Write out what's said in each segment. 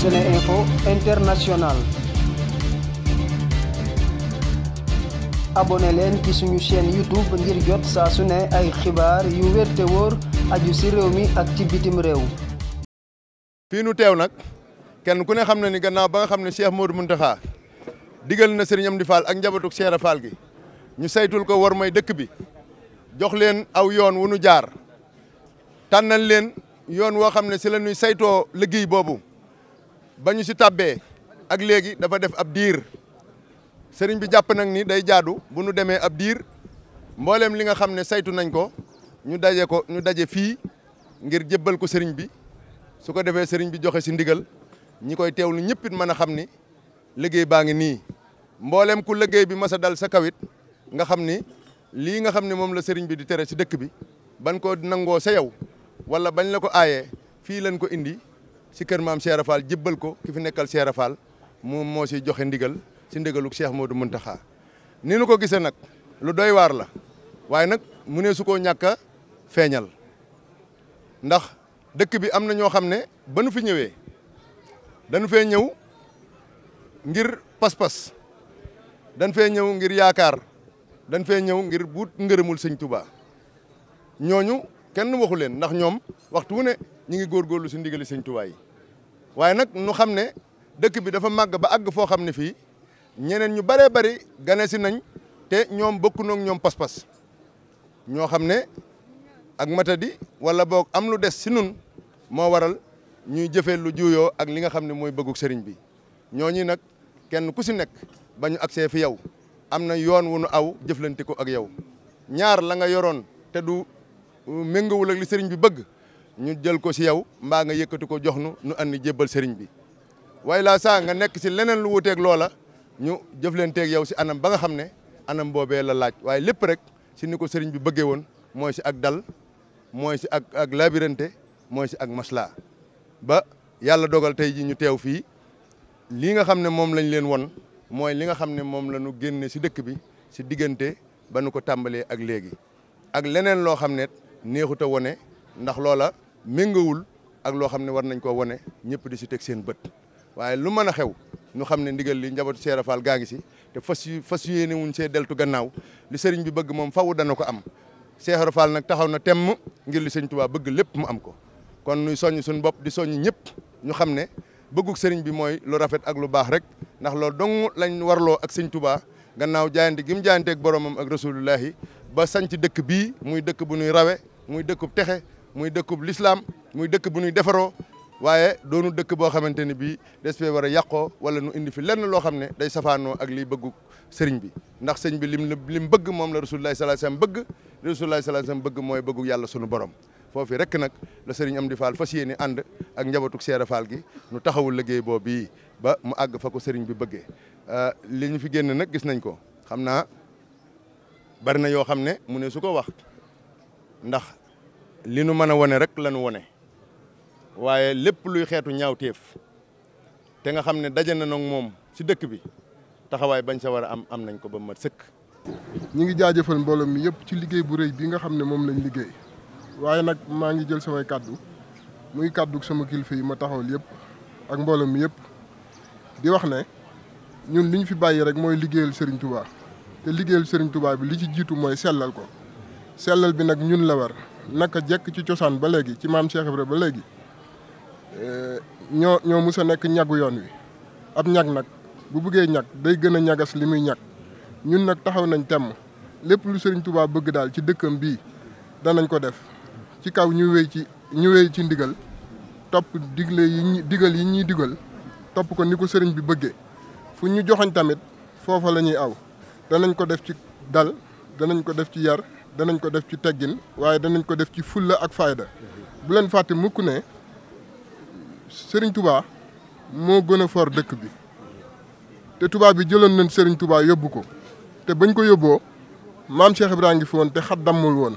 SeneInfo International abonné leen ci suñu chaîne YouTube saa su ne ay xibaar yu wér te wóor aju réew mi ak ci réew fii nu teew nag kenn ku ne xam na ni gannaaw ba nga xam ne si Cheikh Modou Mountakha digal na Serigne Amdi Fall ak njabatuk Cheikh Fall gi ñu saytul ko war may dëkk bi jox leen aw yoon wu nu jaar tànnal leen yoon woo xam ne si la ñuy saytoo liggéey boobu ba ñu si tàbbee ak léegi dafa def ab diir sëriñ bi jàpp nag nii day jaadu bu nu demee ab diir mbooleem li nga xam ne saytu nañ ko ñu daje ko ñu daje fii ngir jëbbal ko sëriñ bi su ko defee sëriñ bi joxe si ndigal ñi koy teew lu it mën a xam ni liggéey baa ngi nii mbooleem ku liggéey bi masa a dal sa kawit nga xam ni lii nga xam ne moom la sëriñ bi di tere si dëkk bi ban ko nangoo sa yow wala bañ la ko aayee fii lañ ko indi si kër maam Cheikh Rafal jébbal ko ki fi nekkal Cheikh Rafal moom moo si joxe ndigal si ndigalu du Modou Mountakha ni nu ko gisee nag lu doy waar la waaye nag mu ne su koo ñàkk feeñal ndax dëkk bi am na ñoo xam ne ba nu fi ñëwee dañu fee ñëw ngir pas-pas dañ fee ñëw ngir yaakaar dañ fee ñëw ngir buut ngërëmul sëñ Touba ñooñu kenn waxu leen ndax ñoom waxtu wu ne ñu ngi góorgóorlu si ndigali sëñ Tuubaa waaye nag nu xam ne dëkk bi dafa màgg ba àgg foo xam ne fii ñeneen ñu bëree bëri gane si nañ te ñoom bokku noog ñoom pas-pas ñoo xam ne ak matadi wala boog am lu des si nun moo waral ñuy jëfee lu juuyoo ak li nga xam ne mooy bëgguk sëriñ bi ñooñu nag kenn ku si nekk ba ñu agsee fi yow am na yoon wu nu aw jëflante ko ak yow ñaar la nga yoroon te du méngawul ak li sëriñ bi bëgg ñu jël ko si yow mbaa nga yëkkati ko jox nu nu andi jébbal sëriñ bi waaye laa saa nga nekk si leneen lu wuuteeg loola ñu jëflanteeg yow si anam ba nga xam ne anam boobee la laaj waaye lépp rek si ni ko sëriñ bi bëggee woon mooy si ak dal mooy si ak ak labirante mooy si ak masla ba yàlla dogal tey ji ñu teew fii lii nga xam ne moom lañ leen won mooy li nga xam ne moom la ñu génne si dëkk bi si diggante ba nu ko tàmbalee ak léegi ak leneen loo xam ne neexut a wone ndax loola méngowul ak loo xam ne war nañ koo wane ñëpp di si teg seen bët waaye lu mën a xew ñu xam ne ndigal li njabootu Cheikh Fall gaa ngi si te fas fas yéene wuñ see deltu gannaaw li sëriñ bi bëgg moom faw dana ko am Cheikh Fall nag taxaw na temm ngir li sëñ tubaa bëgg lépp mu am ko kon nuy soññ suñu bopp di soñ ñëpp ñu xam ne bëgguk sëriñ bi mooy lu rafet ak lu baax rek ndax loolu dong lañ warloo ak sëñ Tuubaa gannaaw jaayante gi mu jaayanteeg boromam ak rasulullahi ba sanc dëkk bii muy dëkk bu nuy rawe muy dëkkub texe muy dëkkub lislaam muy dëkk bu ñuy defaroo waaye doonu dëkk boo xamante ni bii des fee war a yàqoo wala nu indi fi lenn loo xam ne day safaanoo ak lii bëggu sëriñ bi ndax sëñ bi lim lim bëgg moom la rasulullahi sallallahu alayhi wasallam bëgg li rasulullahi sallallahu alayhi bëgg mooy bëggu yàlla sunu borom foofu rek nag la sëriñ Amdi Fall fas yéene ànd ak njabootug Seera Fall gi nu taxawul liggéey boobu bii ba mu àgg fa ko sëriñ bi bëggee euh, li ñu fi génn nag gis nañ ko xam naa bari na yoo xam ne mu ne su ko wax li nu mën a wone rek la wone waaye lépp luy xeetu ñaawteef te nga xam ne daje na nag moom ci dëkk bi taxawaay bañ sa war a am am nañ ko ba mat sëkk. ñu ngi jaajëfal mbooloo mi yëpp ci liggéey bu réy bi nga xam ne moom lañ liggéey waaye nag maa ngi jël samay kàddu muy kàddu sama kilifa yi ma taxawal yëpp ak mbooloo mi yëpp di wax ne ñun li ñu fi bàyyi rek mooy liggéeyal Serigne Touba te liggéeyal Serigne Touba bi li ci jiitu mooy sellal ko sellal bi nag ñun la war. naka jekk ci cosaan ba léegi ci maam Cheikh ba léegi eh, ñoo ñoo mus nekk ñagu yoon wi ab ñag nag bu buggee ñag day gën a ñagas li muy ñag ñun nag taxaw nañ temm lépp lu Serigne Touba bëgg daal ci dëkkam bii danañ ko def ci kaw ñu wéy ci ñu wéy ci ndigal topp digle yi ñuy digal yi ñuy digal topp ko ni ko sëriñ bi bëggee fu ñu joxoñ tamit foofa lañuy aw danañ ko def ci dal danañ ko def ci yar danañ ko def ci teggin waaye danañ ko def ci fulla ak fayda bu leen fàtte mukk ne sëriñ Touba moo gën a for dëkk bi te Touba bi jëloon nañ Serigne Touba yóbbu ko te bañ ko yóbboo maam Cheikh Ibrahima ngi fi woon te xat dammul woon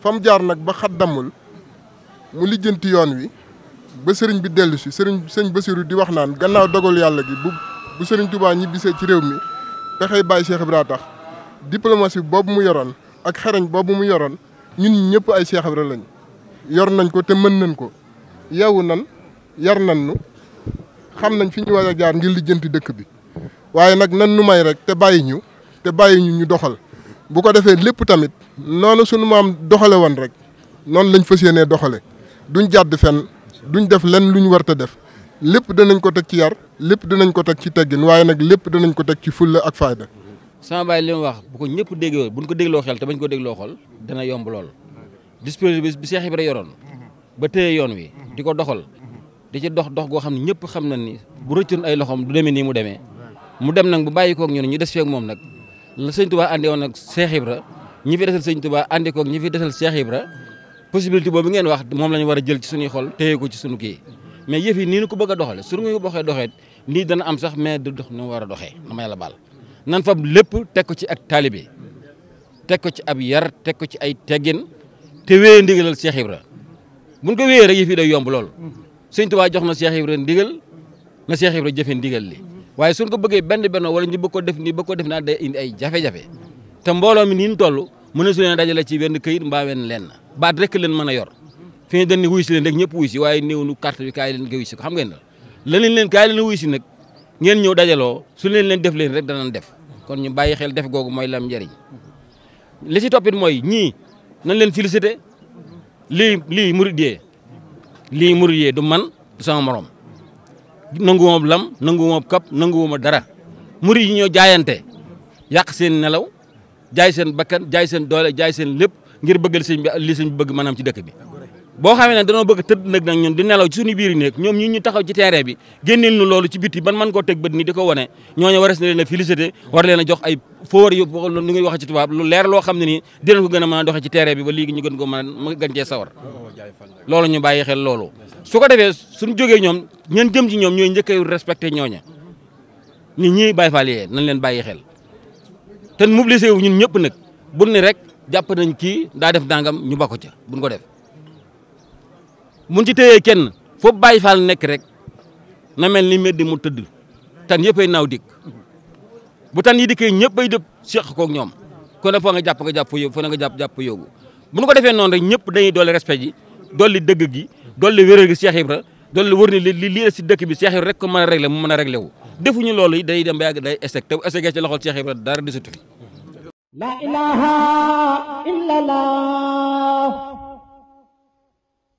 fam jaar nag ba xat dammul mu lijjanti yoon wi ba sëriñ bi dellu si sëriñ sëñ Basiru di wax naan gannaaw dogal yàlla gi bu bu Serigne ñibbisee ci réew mi pexey bàyyi Cheikh Ibrahima tax diplomatie boobu mu yoroon ak xarañ boobu mu yoroon ñun ñëpp ay Cheikh Ibra lañ yor nañ ko te mën nañ ko yow nan yar nan nu xam nañ fi ñu war a jaar ngir lijjanti dëkk bi waaye nag nan nu may rek te bàyyi ñu te bàyyi ñu ñu doxal bu ko defee lépp tamit noonu suñu maam doxale woon rek noonu lañ fas yéenee doxale duñ jàdd fenn duñ def lenn lu ñu war te def lépp danañ ko teg ci yar lépp danañ ko teg ci teggin waaye nag lépp danañ ko teg ci fulla ak fayda sama baay li mu wax bu ko ñëpp déggoo buñ ko dégloo xel te bañ ko dégloo xol dana yomb lool dispositif bi Cheikh Ibra ba téye yoon wi di ko doxal di ci goo xam ne ñëpp xam na ni bu rëccoon ay loxoom du mu demee mu dem nag bu bàyyi koog ñun ñu des feeg moom nag la sëñ Touba andi woon nag Cheikh Ibra ñi fi desal sëñ Touba andi koog ñi fi desal Cheikh Ibra possibilité boobu ngeen wax moom la ñu war a jël ci suñuy xol téye ko ci suñu kii mais yëf yi nii ñu ko bëgg a doxale su ñu ko boxee doxee nii dana am sax mais du dox ni war a doxee dama yàlla baal nan fab lépp teg ko ci ak taalibe teg ko ci ab yar teg ko ci ay teggin te wéyee ndigalal Cheikh Ibra buñ ko wéyee rek yëf yi day yomb lool Sëñ jox na Cheikh Ibra ndigal na Cheikh Ibra jëfe ndigal li waaye suñ ko bëggee benn benn wala ñu bëgg def ni bëgg def naa day indi ay jafe-jafe te mbooloo mi ni ñu toll mën na su leen dajale ci benn kayit mbaa wenn lenn baat rek leen mën a yor fi ñu dañ ni si leen rek ñëpp wuy si waaye new nu carte bi kaay leen ko wuy si xam ngeen la leneen leen kaay leen wuy si nag ngeen ñëw dajaloo su leen leen def leen rek danañ def kon ñu bàyyi xel def googu mooy lam njariñ li si toppit mooy ñii nañ leen félicité lii lii murid yee lii murid yee du man du sama morom nanguwuma lam nanguwuma kap nanguwuma dara murid yi ñoo jaayante yàq seen nelaw jaay seen bakkan jaay seen doole jaay seen lépp ngir bëggal sëñ bi li sëñ bëgg maanaam ci dëkk bi boo xamee ne danoo bëgg tëdd nag nag ñun di nelaw ci suñu biir néeg ñu taxaw ci terrain bi génneel ñu loolu ci biti ban man koo teg bët ni di ko wane ñooñu waras na leen a félicité war leen a jox ay fóor yu nu ngi wax ci tubaab lu leer loo xam a mën ñu gën ko mën a gën cee sawar loolu ñu bàyyi xel loolu su ko defee suñu jógee ñoom ñeen jëm ci ñoom ñooy njëkkay respecté ñooña ñi ñii bàyyi faal na leen bàyyi xel te mobilisé wu ñun ñëpp nag buñ ne rek jàpp nañ kii daa def dangam ñu bako ca buñ ko def mun ci téyee kenn foofu Baye Fall nekk rek na mel ni mbedd mu tëdd tan yëppay naaw dikk bu tan yi di ñëpp bay dëpp seq koog ñoom kon nag foo nga jàpp nga jàpp fa yóbbu foo nga jàpp jàpp yóbbu bu ñu ko defee noonu rek ñëpp dañuy dolli respect ji dolli dëgg gi dolli wérér gi Cheikh Ibra dolli wër ni li lii la si dëkk bi Cheikh Ibra rek a réglé mu mën a réglé day dem ba yàgg day échec te bu dara desatu la ilaha illallah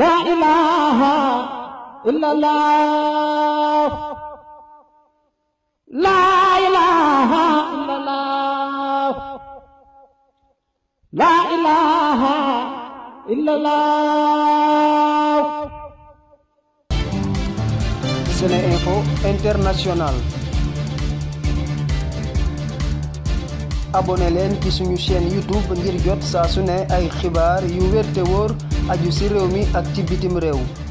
la ilaaha illallaah laa ilaaha illallaah laa ilaaha Info International abonné leen ci suñu chaîne YouTube ngir jot saa su ne ay xibaar yu wér te aju ci réew mi ak ci bitim réew